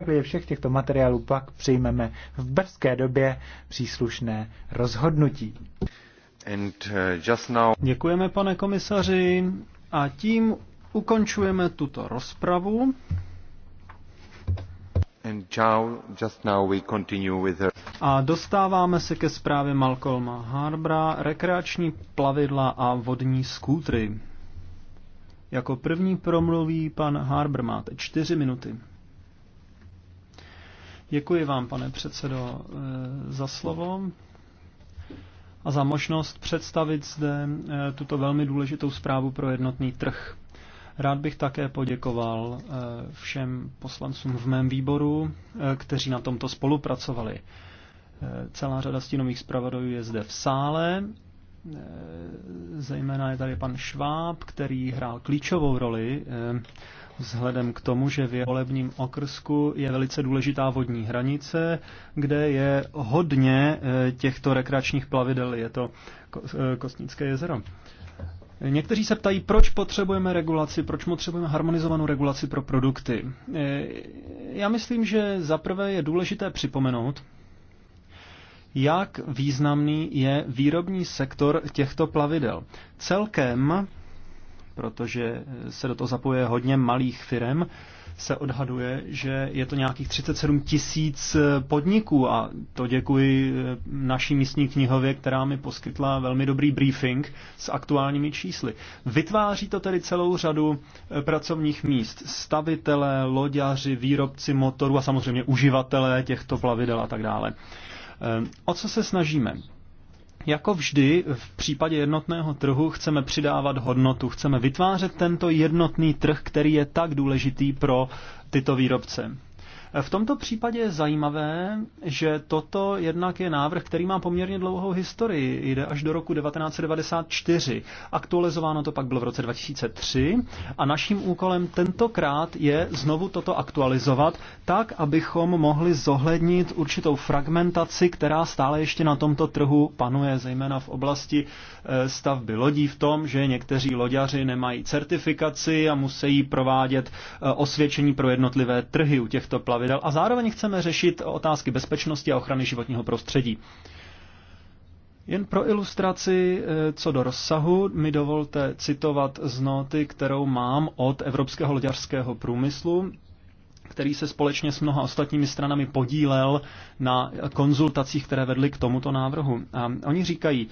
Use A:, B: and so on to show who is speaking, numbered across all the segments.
A: základě všech těchto materiálů pak přijmeme v brzké době příslušné rozhodnutí. And, uh, now... Děkujeme,
B: pane komisaři, a tím ukončujeme tuto rozpravu.
A: And just now we continue with her. A
B: dostáváme se ke zprávě Malcolma Harbra, rekreační plavidla a vodní skútry. Jako první promluví pan Harbr máte čtyři minuty. Děkuji vám, pane předsedo, eh, za slovo a za možnost představit zde eh, tuto velmi důležitou zprávu pro jednotný trh. Rád bych také poděkoval eh, všem poslancům v mém výboru, kteří na tomto spolupracovali. Celá řada stínových zpravodajů je zde v sále. Zejména je tady pan Šváb, který hrál klíčovou roli vzhledem k tomu, že v jeho volebním okrsku je velice důležitá vodní hranice, kde je hodně eh, těchto rekreačních plavidel. Je to eh, Kostnické jezero. Někteří se ptají, proč potřebujeme regulaci, proč potřebujeme harmonizovanou regulaci pro produkty. Eh, já myslím, že zaprvé je důležité připomenout, jak významný je výrobní sektor těchto plavidel. Celkem protože se do toho zapojuje hodně malých firm, se odhaduje, že je to nějakých 37 tisíc podniků a to děkuji eh, naší místní knihově, která mi poskytla velmi dobrý briefing s aktuálními čísly. Vytváří to tedy celou řadu eh, pracovních míst. Stavitelé, loďaři, výrobci motorů a samozřejmě uživatelé těchto plavidel a tak dále. Eh, o co se snažíme? Jako vždy v případě jednotného trhu chceme přidávat hodnotu, chceme vytvářet tento jednotný trh, který je tak důležitý pro tyto výrobce. V tomto případě je zajímavé, že toto jednak je návrh, který má poměrně dlouhou historii, jde až do roku 1994. Aktualizováno to pak bylo v roce 2003 a naším úkolem tentokrát je znovu toto aktualizovat tak, abychom mohli zohlednit určitou fragmentaci, která stále ještě na tomto trhu panuje, zejména v oblasti eh, stavby lodí v tom, že někteří loďaři nemají certifikaci a musí provádět eh, osvědčení pro jednotlivé trhy u těchto platů plavidel a zároveň chceme řešit otázky bezpečnosti a ochrany životního prostředí. Jen pro ilustraci, eh, co do rozsahu, mi dovolte citovat z noty, kterou mám od Evropského loďařského průmyslu, který se společně s mnoha ostatními stranami podílel na konzultacích, které vedly k tomuto návrhu. A oni říkají,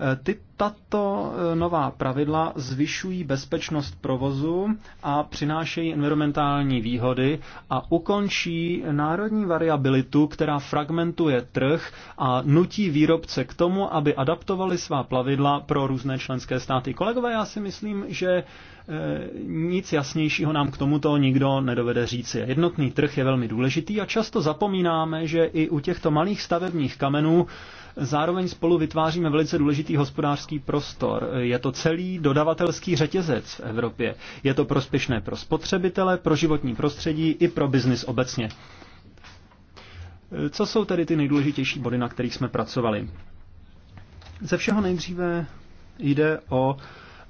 B: Eh, ty, tato eh, nová pravidla zvyšují bezpečnost provozu a přinášejí environmentální výhody a ukončí národní variabilitu, která fragmentuje trh a nutí výrobce k tomu, aby adaptovali svá plavidla pro různé členské státy. Kolegové, já si myslím, že eh, nic jasnějšího nám k tomuto nikdo nedovede říci. Jednotný trh je velmi důležitý a často zapomínáme, že i u těchto malých stavebních kamenů Zároveň spolu vytváříme velice důležitý hospodářský prostor. Je to celý dodavatelský řetězec v Evropě. Je to prospěšné pro spotřebitele, pro životní prostředí i pro biznis obecně. Co jsou tedy ty nejdůležitější body, na kterých jsme pracovali? Ze všeho nejdříve jde o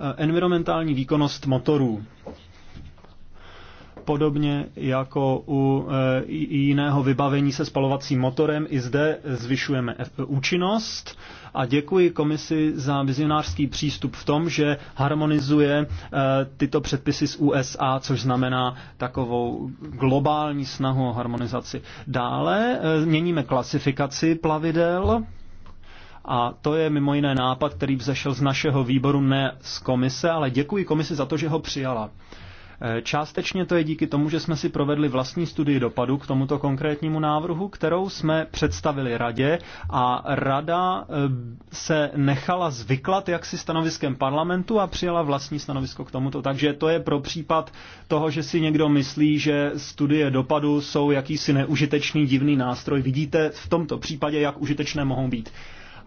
B: eh, environmentální výkonnost motorů. Podobně jako u eh, jiného vybavení se spalovacím motorem, i zde zvyšujeme eh, účinnost a děkuji komisi za vizionářský přístup v tom, že harmonizuje eh, tyto předpisy z USA, což znamená takovou globální snahu o harmonizaci. Dále měníme klasifikaci plavidel. A to je mimo jiné nápad, který vzešel z našeho výboru, ne z komise, ale děkuji komisi za to, že ho přijala. Eh, částečně to je díky tomu, že jsme si provedli vlastní studii dopadu k tomuto konkrétnímu návrhu, kterou jsme představili radě a rada eh, se nechala zvyklat jaksi stanoviskem parlamentu a přijala vlastní stanovisko k tomuto. Takže to je pro případ toho, že si někdo myslí, že studie dopadu jsou jakýsi neužitečný divný nástroj. Vidíte v tomto případě, jak užitečné mohou být.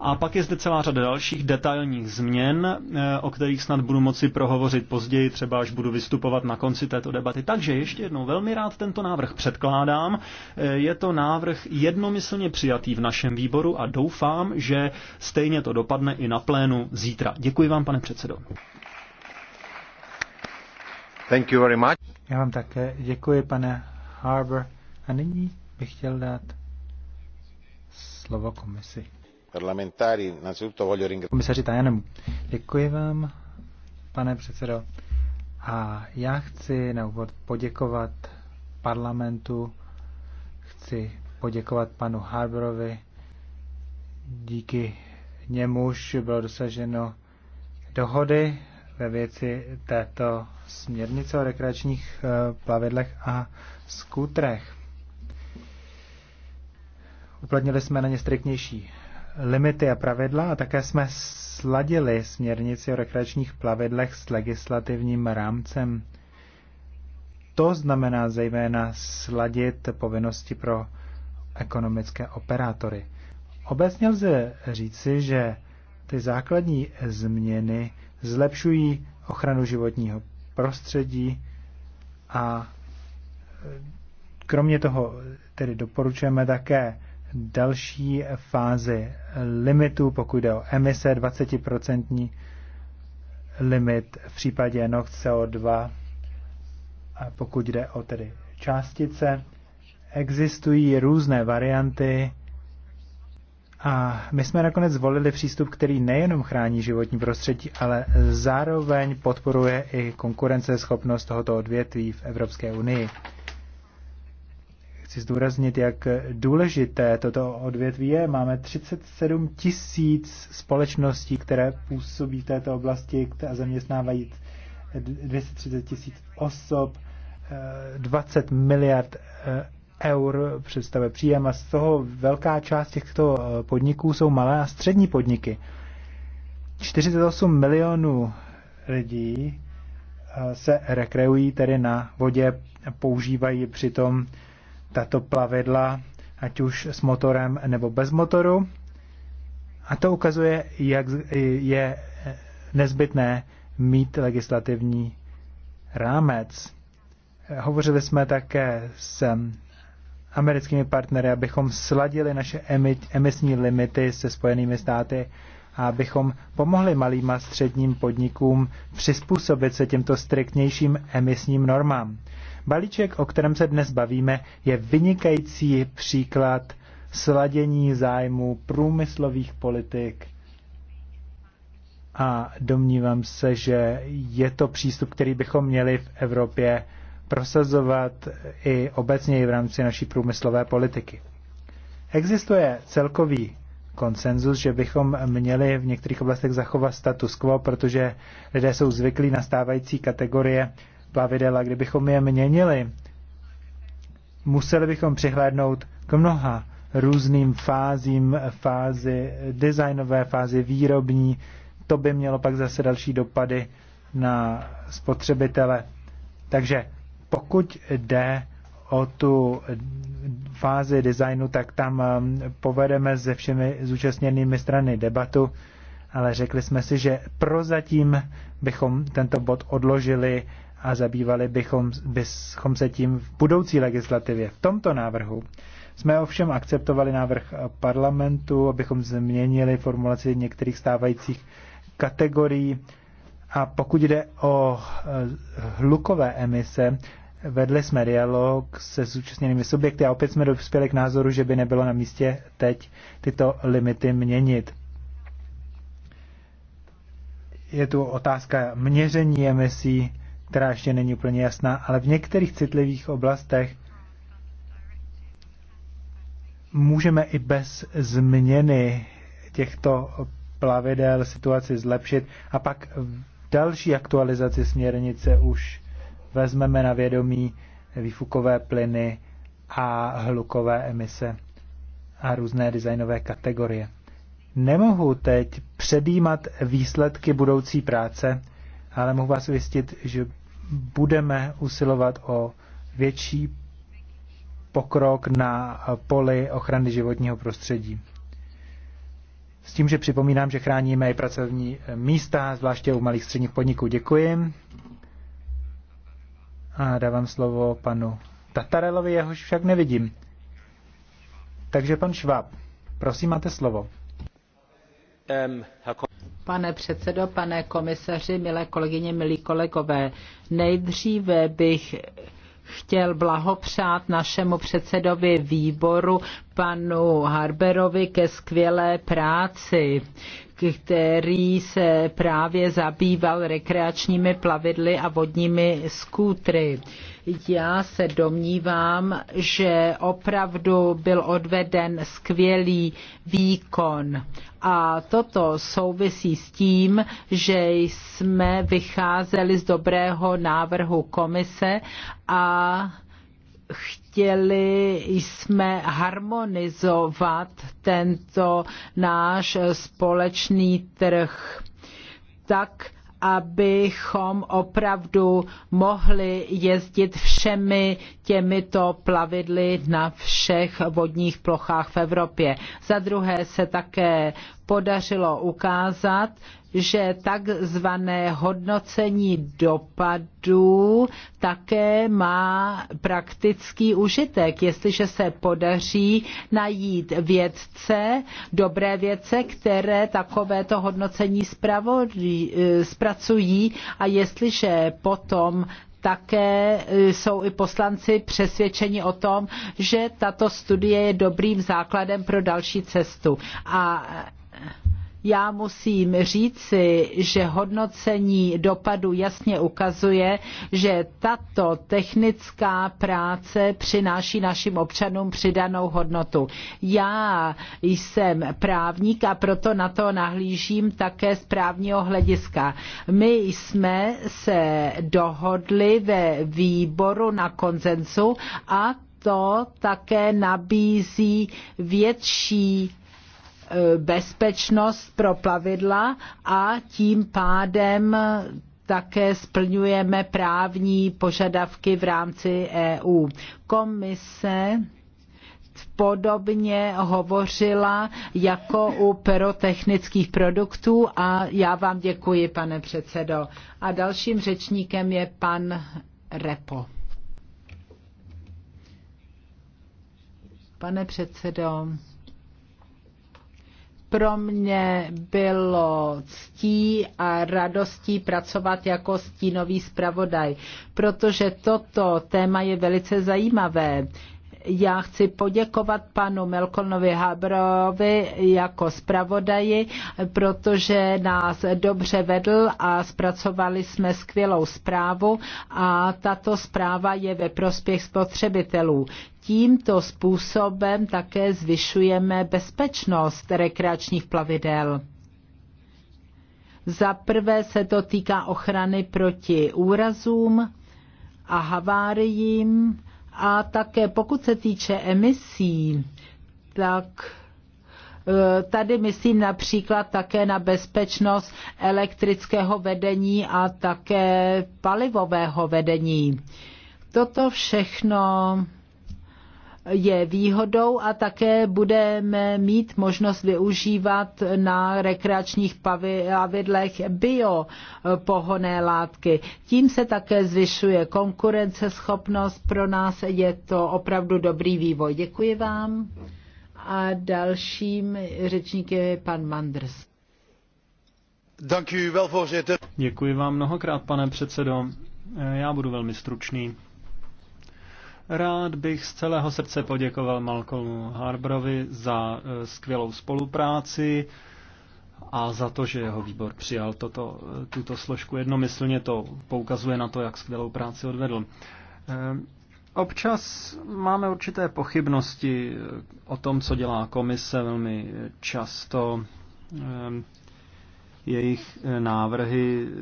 B: A pak je zde celá řada dalších detailních změn, eh, o kterých snad budu moci prohovořit později, třeba až budu vystupovat na konci této debaty. Takže ještě jednou velmi rád tento návrh předkládám. Eh, je to návrh jednomyslně přijatý v našem výboru a doufám, že stejně to dopadne i na plénu zítra. Děkuji vám, pane předsedo.
A: Thank you very much. Já vám také děkuji, pane Harbour. A nyní bych chtěl dát slovo komisi parlamentari, innanzitutto voglio ringraziare. děkuji vám, pane předsedo. A já chci na úvod poděkovat parlamentu, chci poděkovat panu Harborovi. Díky němuž bylo dosaženo dohody ve věci této směrnice o rekreačních eh, plavidlech a skutrech. Uplatnili jsme na ně striktnější limity a pravidla a také jsme sladili směrnici o rekreačních plavidlech s legislativním rámcem. To znamená zejména sladit povinnosti pro ekonomické operátory. Obecně lze říci, že ty základní změny zlepšují ochranu životního prostředí a kromě toho tedy doporučujeme také další fázi limitu, pokud jde o emise, 20% limit v případě NOx CO2, a pokud jde o tedy částice. Existují různé varianty a my jsme nakonec zvolili přístup, který nejenom chrání životní prostředí, ale zároveň podporuje i konkurenceschopnost tohoto odvětví v Evropské unii. Chci zdůraznit, jak důležité toto odvětví je. Máme 37 tisíc společností, které působí v této oblasti a zaměstnávají 230 tisíc osob, 20 eh, miliard eh, eur představuje příjem a z toho velká část těchto eh, podniků jsou malé a střední podniky. 48 milionů lidí se rekreují tedy na vodě, používají přitom tato plavidla, ať už s motorem nebo bez motoru. A to ukazuje, jak je nezbytné mít legislativní rámec. Hovořili jsme také s americkými partnery, abychom sladili naše emisní limity se Spojenými státy a abychom pomohli malým a středním podnikům přizpůsobit se těmto striktnějším emisním normám. Balíček, o kterém se dnes bavíme, je vynikající příklad sladění zájmu průmyslových politik a domnívám se, že je to přístup, který bychom měli v Evropě prosazovat i obecně i v rámci naší průmyslové politiky. Existuje celkový konsenzus, že bychom měli v některých oblastech zachovat status quo, protože lidé jsou zvyklí na stávající kategorie a kdybychom je měnili, museli bychom přihlédnout k mnoha různým fázím, fázi designové, fázi výrobní. To by mělo pak zase další dopady na spotřebitele. Takže pokud jde o tu fázi designu, tak tam um, povedeme se všemi zúčastněnými strany debatu, ale řekli jsme si, že prozatím bychom tento bod odložili a zabývali bychom, bychom se tím v budoucí legislativě. V tomto návrhu jsme ovšem akceptovali návrh parlamentu, abychom změnili formulaci některých stávajících kategorií. A pokud jde o eh, hlukové emise, vedli jsme dialog se zúčastněnými subjekty a opět jsme dospěli k názoru, že by nebylo na místě teď tyto limity měnit. Je tu otázka měření emisí která ještě není úplně jasná, ale v některých citlivých oblastech můžeme i bez změny těchto plavidel situaci zlepšit a pak v další aktualizaci směrnice už vezmeme na vědomí výfukové plyny a hlukové emise a různé designové kategorie. Nemohu teď předjímat výsledky budoucí práce, ale mohu vás ujistit, že budeme usilovat o větší pokrok na poli ochrany životního prostředí. S tím, že připomínám, že chráníme i pracovní místa, zvláště u malých středních podniků. Děkuji. A dávám slovo panu Tatarelovi, jehož však nevidím. Takže pan Šváb, prosím, máte slovo. Um,
C: Pane předsedo, pane komisaři, milé kolegyně, milí kolegové, nejdříve bych chtěl blahopřát našemu předsedovi výboru, panu Harberovi, ke skvělé práci který se právě zabýval rekreačními plavidly a vodními skútry. Já se domnívám, že opravdu byl odveden skvělý výkon. A toto souvisí s tím, že jsme vycházeli z dobrého návrhu komise a chtěli jsme harmonizovat tento náš společný trh tak, abychom opravdu mohli jezdit všemi těmito plavidly na všech vodních plochách v Evropě. Za druhé se také podařilo ukázat, že takzvané hodnocení dopadů také má praktický užitek, jestliže se podaří najít vědce, dobré vědce, které takovéto hodnocení eh, zpracují a jestliže potom také eh, jsou i poslanci přesvědčeni o tom, že tato studie je dobrým základem pro další cestu. A já musím říci, že hodnocení dopadu jasně ukazuje, že tato technická práce přináší našim občanům přidanou hodnotu. Já jsem právník a proto na to nahlížím také z právního hlediska. My jsme se dohodli ve výboru na konzensu a to také nabízí větší Eh, bezpečnost pro plavidla a tím pádem také splňujeme právní požadavky v rámci EU. Komise podobně hovořila jako u pyrotechnických produktů a já vám děkuji, pane předsedo. A dalším řečníkem je pan Repo. Pane předsedo, pro mě bylo ctí a radostí pracovat jako stínový zpravodaj, protože toto téma je velice zajímavé. Já chci poděkovat panu Melkonovi Habrovi jako zpravodaji, protože nás dobře vedl a zpracovali jsme skvělou zprávu a tato zpráva je ve prospěch spotřebitelů tímto způsobem také zvyšujeme bezpečnost rekreačních plavidel. Za prvé se to týká ochrany proti úrazům a haváriím a také pokud se týče emisí, tak e, Tady myslím například také na bezpečnost elektrického vedení a také palivového vedení. Toto všechno je výhodou a také budeme mít možnost využívat na rekreačních pavidlech bio pohoné látky. Tím se také zvyšuje konkurenceschopnost. Pro nás je to opravdu dobrý vývoj. Děkuji vám. A dalším řečníkem je pan Manders.
B: Děkuji vám mnohokrát, pane předsedo. Já budu velmi stručný. Rád bych z celého srdce poděkoval Malcolmu Harbrovi za e, skvělou spolupráci a za to, že jeho výbor přijal toto, e, tuto složku jednomyslně. To poukazuje na to, jak skvělou práci odvedl. E, občas máme určité pochybnosti o tom, co dělá komise velmi často jejich eh, návrhy eh,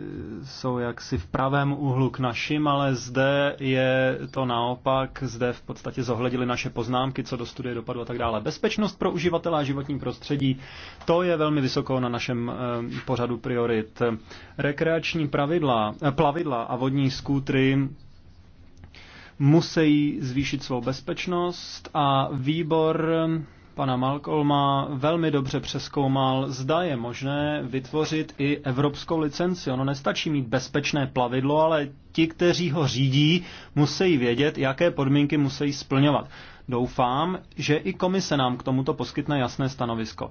B: jsou jaksi v pravém úhlu k našim, ale zde je to naopak, zde v podstatě zohledili naše poznámky, co do studie dopadu a tak dále. Bezpečnost pro uživatele a životní prostředí, to je velmi vysoko na našem eh, pořadu priorit. Rekreační pravidla, plavidla a vodní skútry musí zvýšit svou bezpečnost a výbor pana Malcolma velmi dobře přeskoumal, zda je možné vytvořit i evropskou licenci. Ono nestačí mít bezpečné plavidlo, ale ti, kteří ho řídí, musí vědět, jaké podmínky musí splňovat. Doufám, že i komise nám k tomuto poskytne jasné stanovisko.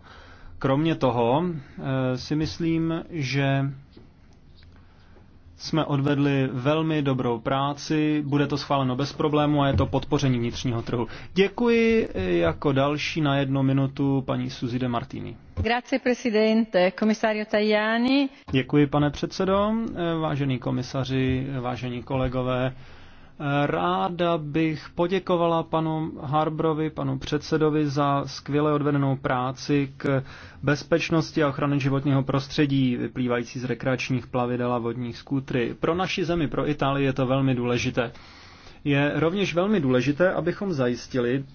B: Kromě toho eh, si myslím, že jsme odvedli velmi dobrou práci, bude to schváleno bez problému a je to podpoření vnitřního trhu. Děkuji jako další na jednu minutu paní de Martini.
C: Grazie presidente, komisario Tajani.
B: Děkuji pane předsedo, vážení komisaři, vážení kolegové. Ráda bych poděkovala panu Harbrovi, panu předsedovi za skvěle odvedenou práci k bezpečnosti a ochrany životního prostředí vyplývající z rekreačních plavidel a vodních skútry. Pro naši zemi, pro Itálii je to velmi důležité. Je rovněž velmi důležité, abychom zajistili,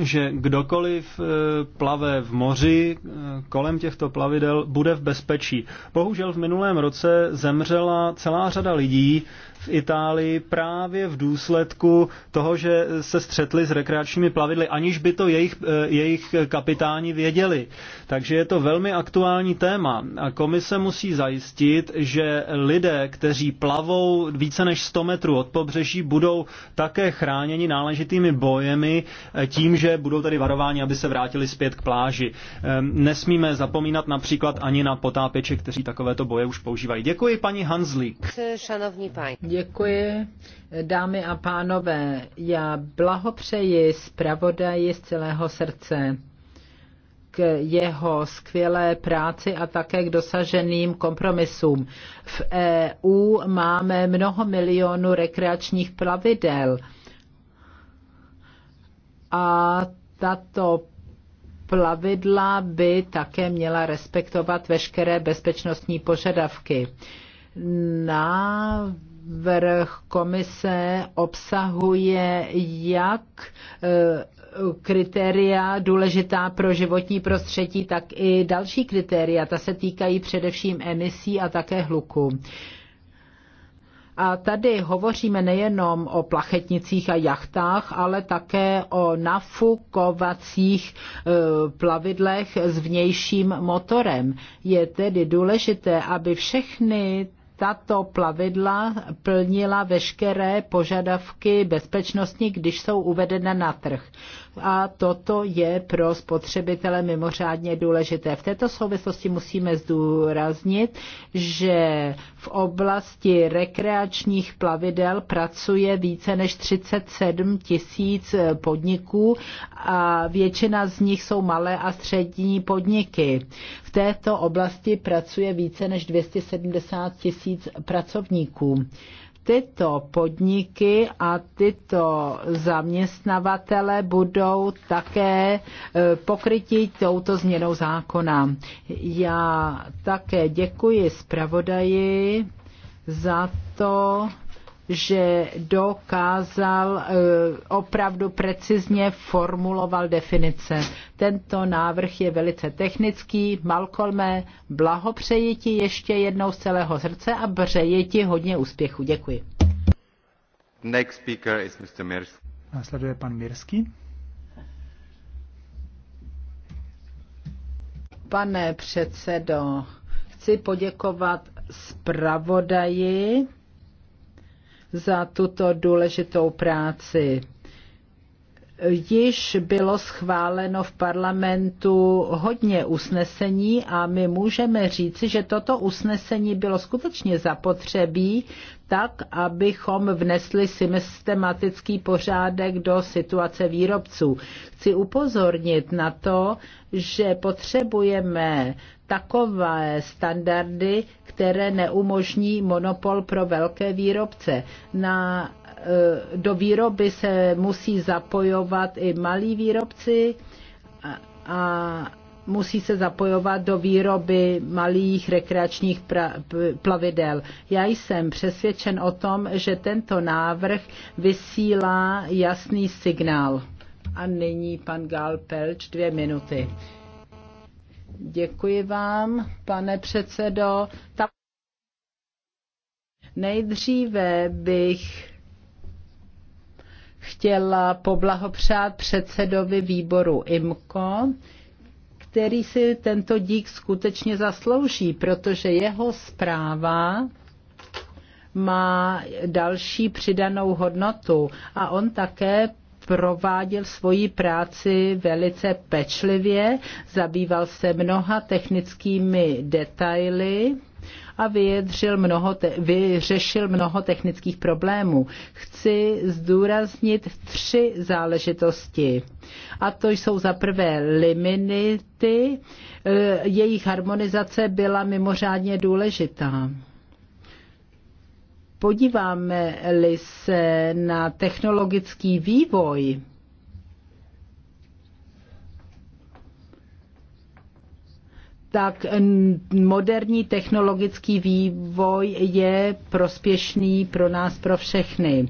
B: že kdokoliv eh, plave v moři eh, kolem těchto plavidel, bude v bezpečí. Bohužel v minulém roce zemřela celá řada lidí v Itálii právě v důsledku toho, že se střetli s rekreačními plavidly, aniž by to jejich, eh, jejich kapitáni věděli. Takže je to velmi aktuální téma. A komise musí zajistit, že lidé, kteří plavou více než 100 metrů od pobřeží, budou také chráněni náležitými bojemi eh, tím, že budou tady varováni, aby se vrátili zpět k pláži. Ehm, nesmíme zapomínat například ani na potápěče, kteří takovéto boje už používají. Děkuji paní Hanzlík.
C: Šanovní Děkuji. Dámy a pánové, já blahopřeji zpravodaji z celého srdce k jeho skvělé práci a také k dosaženým kompromisům. V EU máme mnoho milionů rekreačních plavidel a tato plavidla by také měla respektovat veškeré bezpečnostní požadavky. Na návrh komise obsahuje jak eh, kritéria důležitá pro životní prostředí, tak i další kritéria. Ta se týkají především emisí a také hluku. A tady hovoříme nejenom o plachetnicích a jachtách, ale také o nafukovacích eh, plavidlech s vnějším motorem. Je tedy důležité, aby všechny tato plavidla plnila veškeré požadavky bezpečnosti, když jsou uvedena na trh a toto je pro spotřebitele mimořádně důležité. V této souvislosti musíme zdůraznit, že v oblasti rekreačních plavidel pracuje více než 37 tisíc podniků a většina z nich jsou malé a střední podniky. V této oblasti pracuje více než 270 tisíc pracovníků tyto podniky a tyto zaměstnavatele budou také e, pokrytí touto změnou zákona. Já také děkuji zpravodaji za to, že dokázal eh, opravdu precizně formuloval definice. Tento návrh je velice technický. Malcolme, blahopřeji ti ještě jednou z celého srdce a přeji ti hodně úspěchu. Děkuji.
A: Next speaker is Mr. Mirs. Následuje pan Mirsky.
C: Pane předsedo, chci poděkovat zpravodaji za tuto důležitou práci již bylo schváleno v parlamentu hodně usnesení a my můžeme říci, že toto usnesení bylo skutečně zapotřebí, tak, abychom vnesli systematický pořádek do situace výrobců. Chci upozornit na to, že potřebujeme takové standardy, které neumožní monopol pro velké výrobce. Na Eh, do výroby se musí zapojovat i malí výrobci a, musí se zapojovat do výroby malých rekreačních plavidel. Já jsem přesvědčen o tom, že tento návrh vysílá jasný signál. A nyní pan Gál Pelč, dvě minuty. Děkuji vám, pane předsedo. Ta... Nejdříve bych chtěla poblahopřát předsedovi výboru IMCO, který si tento dík skutečně zaslouží, protože jeho zpráva má další přidanou hodnotu a on také prováděl svoji práci velice pečlivě, zabýval se mnoha technickými detaily a vyjedřil mnoho te- vyřešil mnoho technických problémů. Chci zdůraznit tři záležitosti. A to jsou za prvé limity, eh, jejich harmonizace byla mimořádně důležitá. Podíváme-li se na technologický vývoj, tak moderní technologický vývoj je prospěšný pro nás, pro všechny.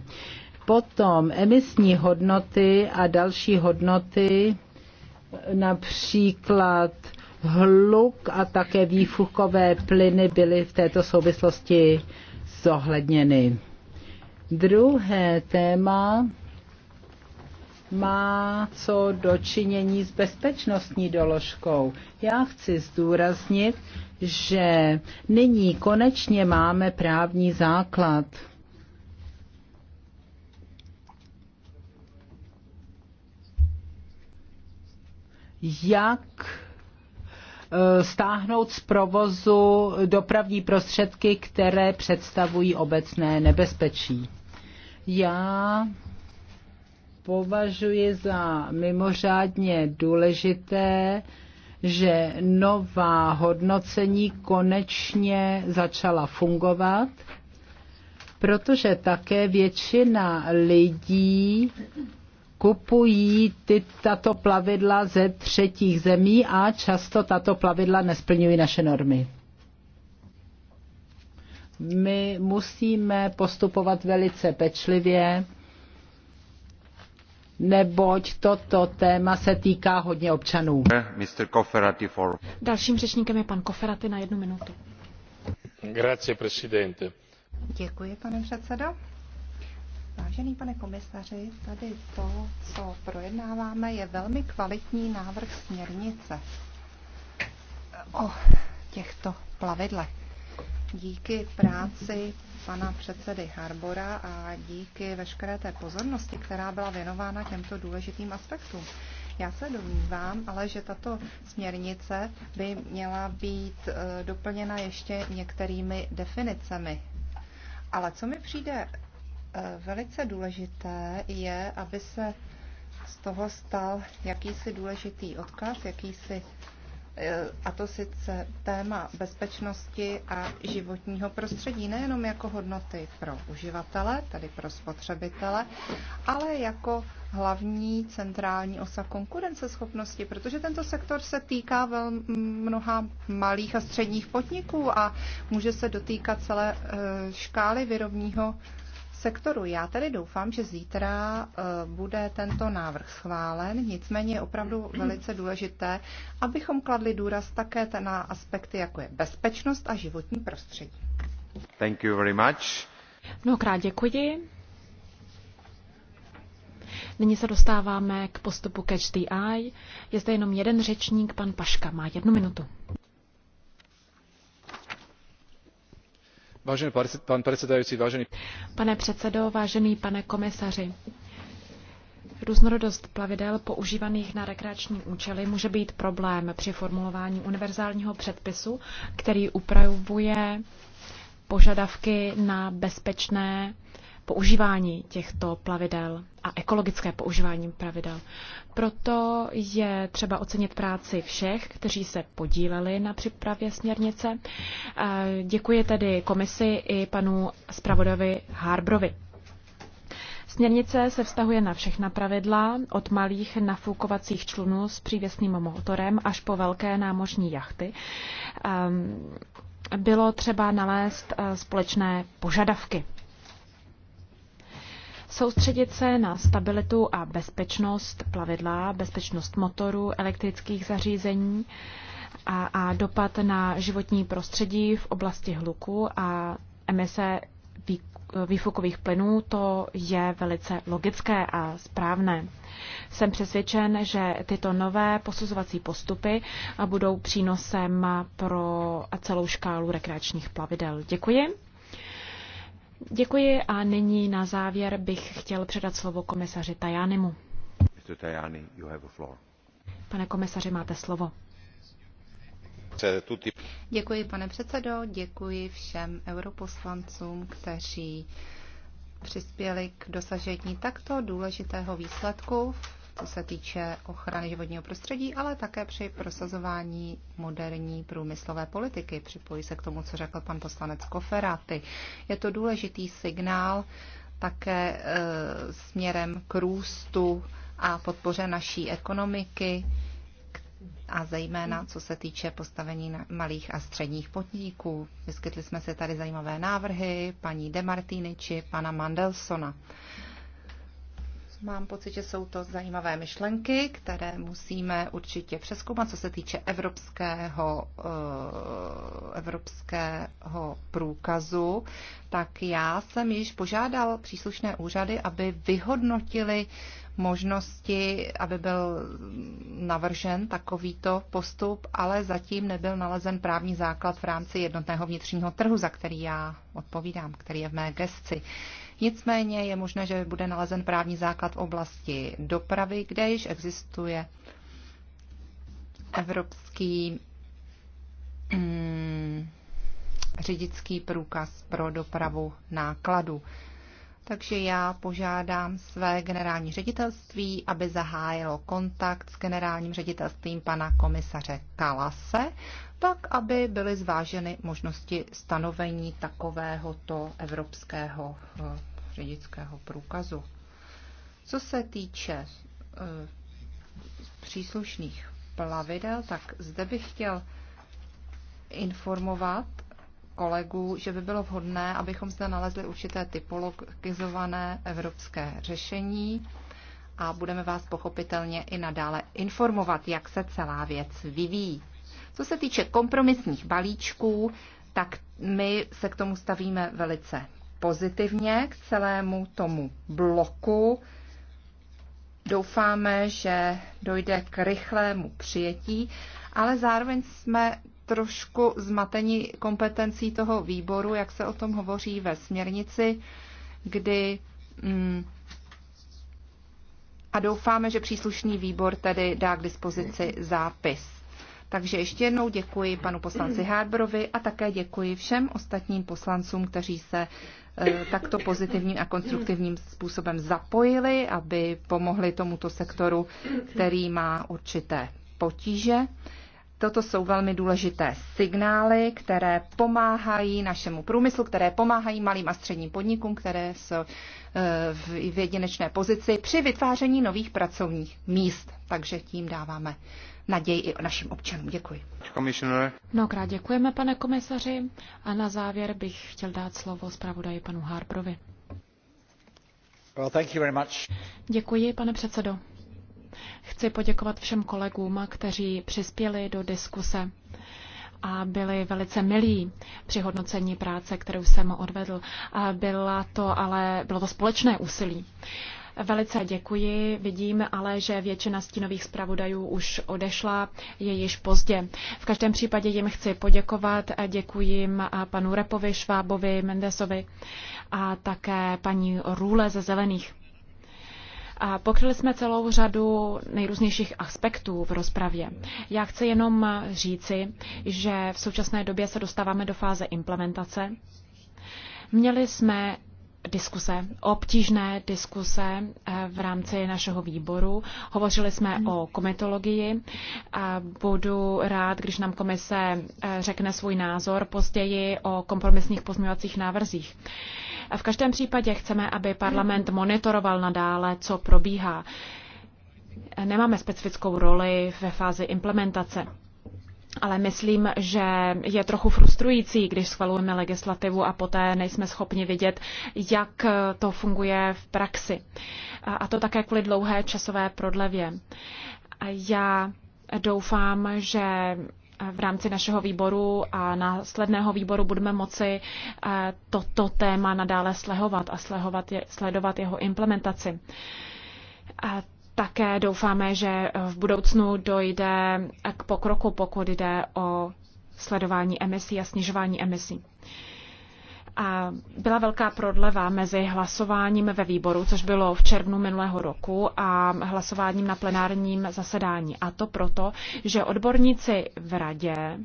C: Potom emisní hodnoty a další hodnoty, například hluk a také výfukové plyny byly v této souvislosti zohledněny. Druhé téma má co dočinění s bezpečnostní doložkou. Já chci zdůraznit, že nyní konečně máme právní základ. Jak eh, stáhnout z provozu dopravní prostředky, které představují obecné nebezpečí. Já považuji za mimořádně důležité, že nová hodnocení konečně začala fungovat, protože také většina lidí kupují ty, tato plavidla ze třetích zemí a často tato plavidla nesplňují naše normy. My musíme postupovat velice pečlivě neboť toto téma
D: se týká hodně občanů. Eh, Dalším řečníkem je pan Koferaty na jednu minutu.
E: Děkuji, pane předsedo. Vážený pane komisaři, tady to, co projednáváme, je velmi kvalitní návrh směrnice o těchto plavidlech díky práci pana předsedy Harbora a díky veškeré té pozornosti, která byla věnována těmto důležitým aspektům. Já se domnívám, ale že tato směrnice by měla být eh, doplněna ještě některými definicemi. Ale co mi přijde eh, velice důležité, je, aby se z toho stal jakýsi důležitý odkaz, jakýsi Eh, a to sice téma bezpečnosti a životního prostředí, nejenom jako hodnoty pro uživatele, tedy pro spotřebitele, ale jako hlavní centrální osa konkurenceschopnosti, protože tento sektor se týká vel mnoha malých a středních podniků a může se dotýkat celé eh, škály výrobního sektoru. Já tedy doufám, že zítra eh, bude tento návrh schválen, nicméně je opravdu velice důležité, abychom kladli důraz také na aspekty, jako je
D: bezpečnost a životní prostředí.
A: Thank you very much.
D: Mnohokrát děkuji. Nyní se dostáváme k postupu Catch the Eye. Je zde jenom jeden řečník, pan Paška má jednu minutu. předsedající, vážený... Pane předsedo, vážený pane komisaři, Různorodost plavidel používaných na rekreační účely může být problém při formulování univerzálního předpisu, který upravuje požadavky na bezpečné používání těchto plavidel a ekologické používání pravidel. Proto je třeba ocenit práci všech, kteří se podíleli na přípravě směrnice. Eh, děkuji tedy komisi i panu zpravodovi Harbrovi. Směrnice se vztahuje na všechna pravidla, od malých nafukovacích člunů s přívěsným motorem až po velké námořní jachty. Ehm, bylo třeba nalézt eh, společné požadavky soustředit se na stabilitu a bezpečnost plavidla, bezpečnost motoru, elektrických zařízení a, a dopad na životní prostředí v oblasti hluku a emise vý, výfukových plynů, to je velice logické a správné. Jsem přesvědčen, že tyto nové posuzovací postupy budou přínosem pro celou škálu rekreačních plavidel. Děkuji. Děkuji a nyní na závěr bych chtěl předat slovo komisaři Tajánemu. Tajani, Pane komisaři, máte slovo. Děkuji,
E: pane předsedo, děkuji všem europoslancům, kteří přispěli k dosažení takto důležitého výsledku v co se týče ochrany životního prostředí, ale také při prosazování moderní průmyslové politiky. Připojí se k tomu, co řekl pan poslanec Koferaty. Je to důležitý signál také e, směrem k růstu a podpoře naší ekonomiky a zejména co se týče postavení malých a středních podniků. Vyskytli jsme se tady zajímavé návrhy paní Demartini či pana Mandelsona. E, Mám pocit, že jsou to zajímavé myšlenky, které musíme určitě přeskoumat, co se týče evropského, eh, evropského průkazu. Tak já jsem již požádal příslušné úřady, aby vyhodnotili možnosti, aby byl navržen takovýto postup, ale zatím nebyl nalezen právní základ v rámci jednotného vnitřního trhu, za který já odpovídám, který je v mé gesci. Uh, Nicméně je možné, že bude nalezen právní základ v oblasti dopravy, kde již existuje evropský mm, průkaz pro dopravu nákladu takže já požádám své generální ředitelství, aby zahájilo kontakt s generálním ředitelstvím pana komisaře Kalase, tak aby byly zváženy možnosti stanovení takovéhoto evropského eh, řidičského průkazu. Co se týče eh, příslušných plavidel, tak zde bych chtěl informovat kolegů, že by bylo vhodné, abychom zde nalezli určité typologizované evropské řešení a budeme vás pochopitelně i nadále informovat, jak se celá věc vyvíjí. Co se týče kompromisních balíčků, tak my se k tomu stavíme velice pozitivně, k celému tomu bloku. Doufáme, že dojde k rychlému přijetí, ale zároveň jsme trošku zmatení kompetencí toho výboru, jak se o tom hovoří ve směrnici, kdy mm, a doufáme, že příslušný výbor tedy dá k dispozici zápis. Takže ještě jednou děkuji panu poslanci Harbrovi a také děkuji všem ostatním poslancům, kteří se eh, takto pozitivním a konstruktivním způsobem zapojili, aby pomohli tomuto sektoru, který má určité potíže. Toto jsou velmi důležité signály, které pomáhají našemu průmyslu, které pomáhají malým a středním podnikům, které jsou eh, v jedinečné pozici při vytváření nových pracovních míst. Takže
D: tím dáváme naději i našim občanům. Děkuji. Mnohokrát děkujeme, pane komisaři. A na závěr bych chtěl dát slovo zpravodaji panu Harprovi. Děkuji, pane předsedo. Chci poděkovat všem kolegům, kteří přispěli do diskuse a byli velice milí při hodnocení práce, kterou jsem odvedl. A byla to ale, bylo to společné úsilí. Velice děkuji. Vidím ale, že většina stínových zpravodajů už odešla, je již pozdě. V každém případě jim chci poděkovat. Děkuji jim panu Repovi, Švábovi, Mendesovi a také paní Růle ze Zelených. A pokryli jsme celou řadu nejrůznějších aspektů v rozpravě. Já chci jenom říci, že v současné době se dostáváme do fáze implementace. Měli jsme diskuse, obtížné diskuse eh, v rámci našeho výboru. Hovořili jsme o kometologii. A budu rád, když nám komise eh, řekne svůj názor později o kompromisních pozměňovacích návrzích. V každém případě chceme, aby parlament monitoroval nadále, co probíhá. Nemáme specifickou roli ve fázi implementace. Ale myslím, že je trochu frustrující, když schvalujeme legislativu a poté nejsme schopni vidět, jak to funguje v praxi. A to také kvůli dlouhé časové prodlevě. Já doufám, že v rámci našeho výboru a následného výboru budeme moci eh, toto téma nadále slehovat a slehovat je, sledovat jeho implementaci. A také doufáme, že v budoucnu dojde k pokroku, pokud jde o sledování emisí a snižování emisí byla velká prodleva mezi hlasováním ve výboru, což bylo v červnu minulého roku, a hlasováním na plenárním zasedání. A to proto, že odborníci v radě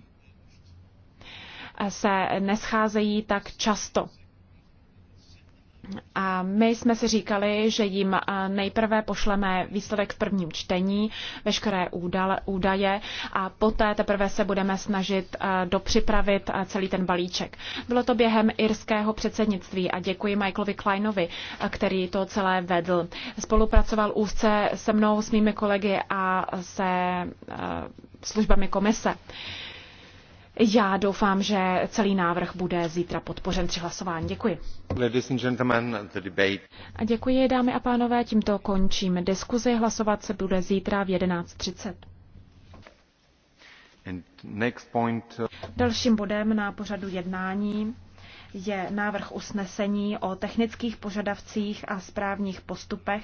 D: se nescházejí tak často a my jsme si říkali, že jim nejprve pošleme výsledek v prvním čtení, veškeré údaje a poté teprve se budeme snažit dopřipravit celý ten balíček. Bylo to během irského předsednictví a děkuji Michaelovi Kleinovi, který to celé vedl. Spolupracoval úzce se mnou, s mými kolegy a se službami komise. Já doufám, že celý návrh bude zítra podpořen při hlasování. Děkuji.
A: Ladies and gentlemen, the debate.
D: A děkuji, dámy a pánové, tímto končím diskuzi. Hlasovat se bude zítra v 11.30. Point... Uh, Dalším bodem na pořadu jednání je návrh usnesení o technických požadavcích a správních postupech